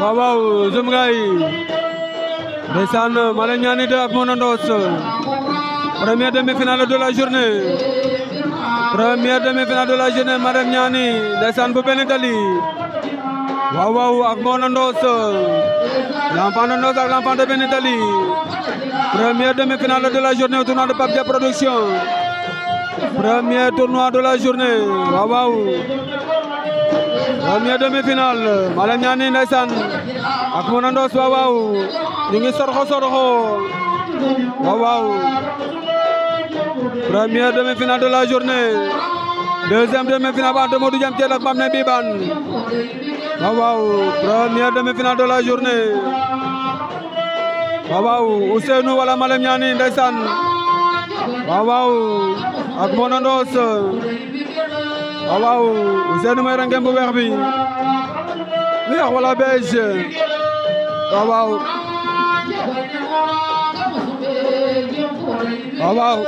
waaw waaw Zoum Ngaye ndeysaan Malick Niani 2 ak Mona Ndoss première demi-finale de la journée première demi-finale de la journée Malick Niani ndeysaan bu benn dali waaw waaw ak Mona Ndoss l'enfant de Ndoss ak l'enfant de benn dali première demi-finale de la journée tournoi de Pape Dia Production premier tournoi de la journée waaw waaw premier demi-finale Malam Ñaani ndeysaan ak Monandos waaw waaw ñu ngi sorxo sorxo waaw waaw premier demi-finale de la journée deuxième demi-finale ba ante Modou Jam Thiel ak Mame Ne Biban waaw waaw premier demi-finale de la journée waaw waaw Ousseynou wala Malam Ñaani ndeysaan waaw waaw ak Monandos waaw waaw Ousseynou rangem bu weex bi weex wala beige waaw waaw waaw waaw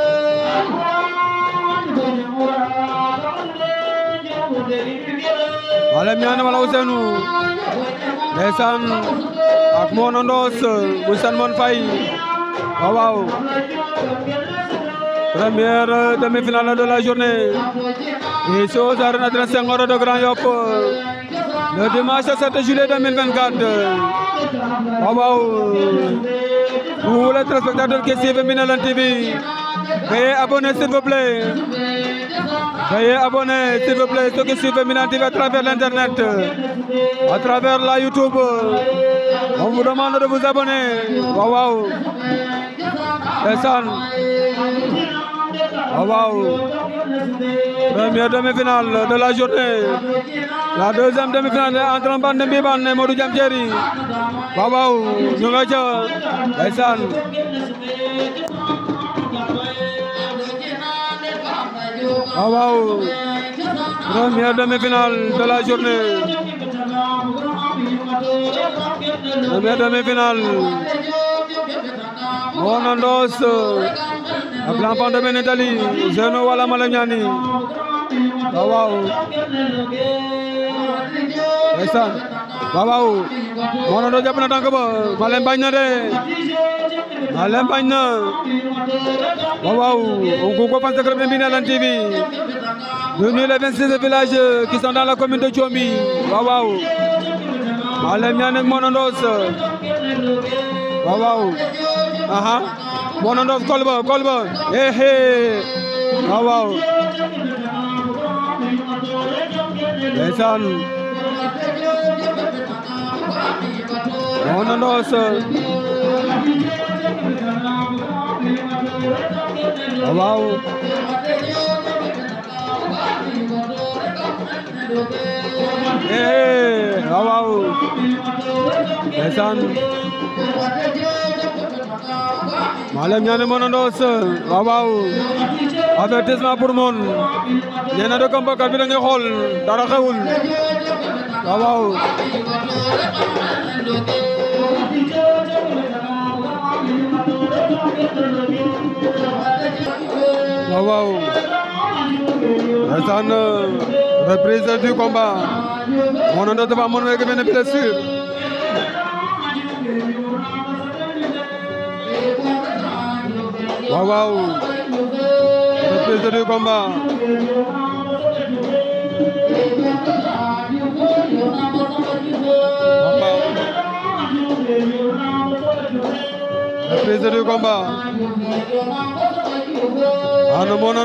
wala Ousseynou ndeysaan ak fay première demi-finale de la journée Et de Grand Yop le dimanche 7 juillet 2024. Waouh. wow. Vous les spectateurs qui suivent Minalan TV, veuillez abonner s'il vous plaît. Veuillez abonner s'il vous plaît ceux qui suivent Minalan TV à travers l'internet, à travers la YouTube. On vous demande de vous abonner. Waouh wow. Ah, waaw demi-finale de la journée la deuxième demi-finale entre Mbane Mbimane Modou Diam Terry waaw waaw ñu nga ca ndeysaan ah, waaw waaw demi-finale de la journée première demi-finale moo na ndoos a plan pando mene tali Zeno wala Malick Niani waaw waaw ndeysaan waaw waaw Morondo ba Malem bañ na de Malem bañ na waaw waaw on concours fan club Mbinelane TV réunis les 26 villages euh, qui sont dans la commune de Thiomby waaw waaw Malem Niani ak aha Bonondorf Kolba, Kolba. Hey, hey. Oh, wow. Ndeysaan sir. How about? hey, oh, waaw ndeysaan maalem ñaani monondos waaw waaw avertissement pour moon ñene de kamba ka bi da nga xool dara xewul waaw waaw waaw waaw ndeysaan reprise du combat monondos dafa amoon wéeg benn blessure waaw waaw reprise du combat reprise du combat ano mono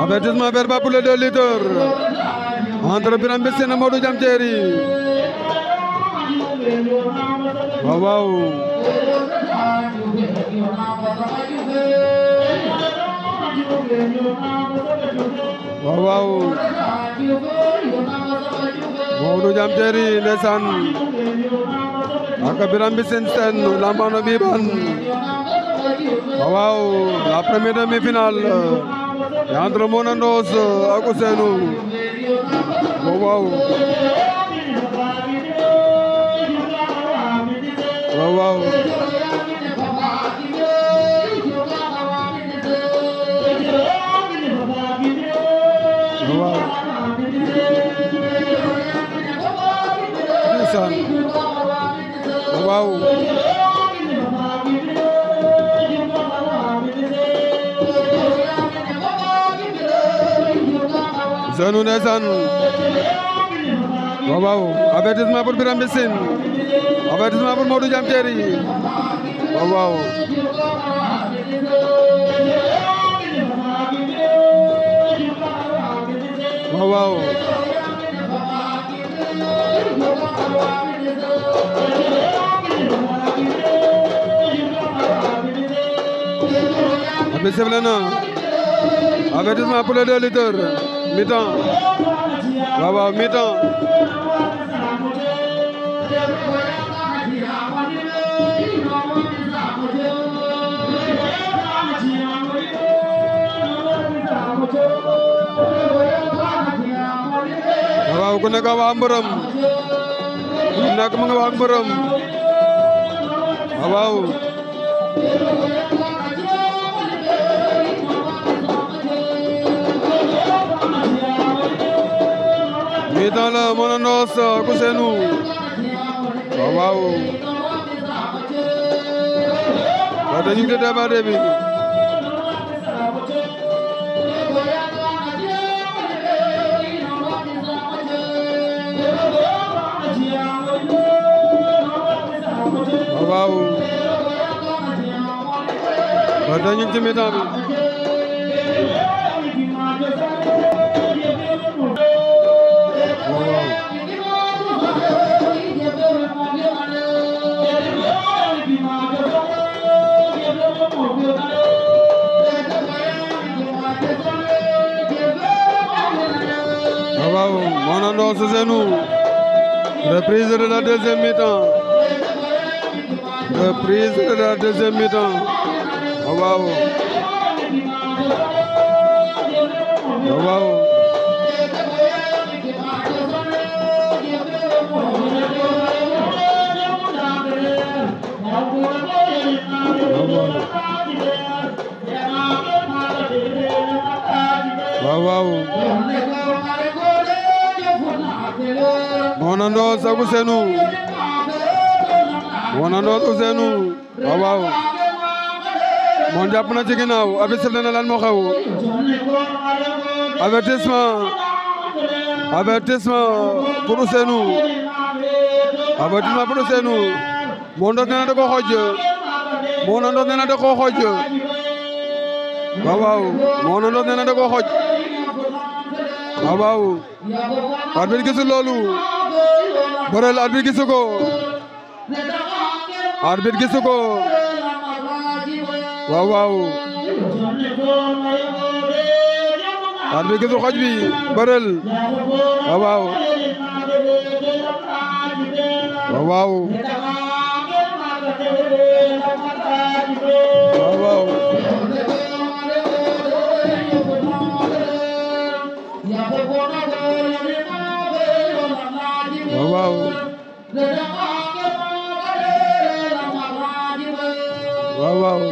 a verbal pour les deux lutteurs entre Birame Mbissine et Modou Jam Teeri waaw waaw waaw waaw Modou Jam Teeri ndeysaan ak Birame la première demi-finale entre Mona Ndoss ak Ousseynou waaw waaw waaw noonu ndeysaan waaw waaw avertissement pour Birame Mbissine avertissement pour Modou Diam Terry waaw waaw waaw waaw avertissement pour les deux lutteurs mi-temps waaw waaw mi-temps waaw ku nekk wax mbërëm mi-temps la Mononos ak Ousseynou waaw waaw waaw dañu ngi tëddee ba début waaw waaw dañu ngi ci mi-temps bi Senghor Sossénou reprise de la deuxième mi-temps reprise bu Ousseynou moo nandoon Ousseynou waaw waaw moom jàpp na ci ginnaaw abi sif na lan moo xew avertissement avertissement pour Ousseynou avertissement pour Ousseynou moo ndoot nee na da ko xooj moo nandoot nee na da ko xooj waaw waaw moo nandoot nee na da ko xooj waaw waaw arbitre gisul loolu बोरल अरबी किसको अरबी किसको वाह वाह अरबी किसको खज भी बोरल वाह वाह वाह वाह waaw waaw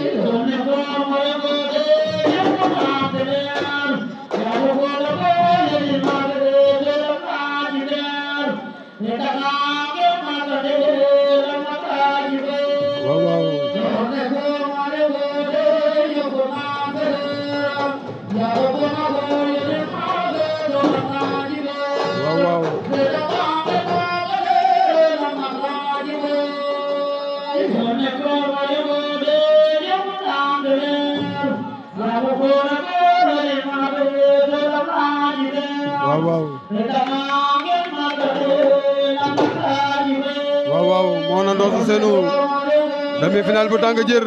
Ousseynou demi final bu tàng jër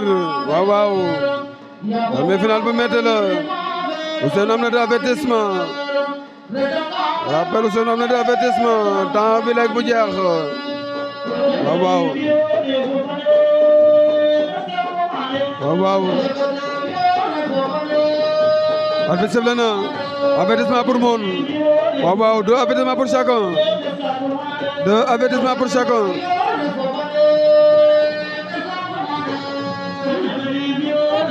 waaw waaw final bu métti la Ousseynou am na de avertissement rappel Ousseynou am na de avertissement temps bi léegi bu jeex waaw waaw waaw waaw na avertissement pour moon waaw waaw deux avertissement pour chacun deux avertissement pour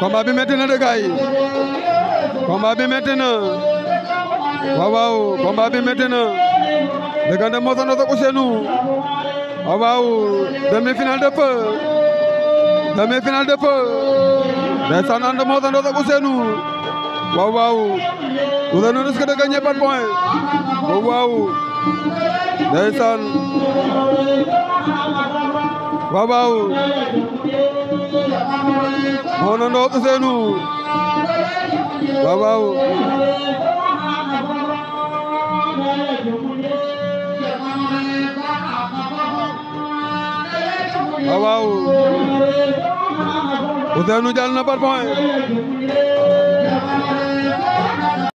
combat bi métti na de gaay combat bi métti na waaw waaw combat bi métti na diggante Mor Sandoss ak Ousseynou waaw waaw demi-finale de feu demi-finale babaw monondo usenu babaw babaw usenu jal na par point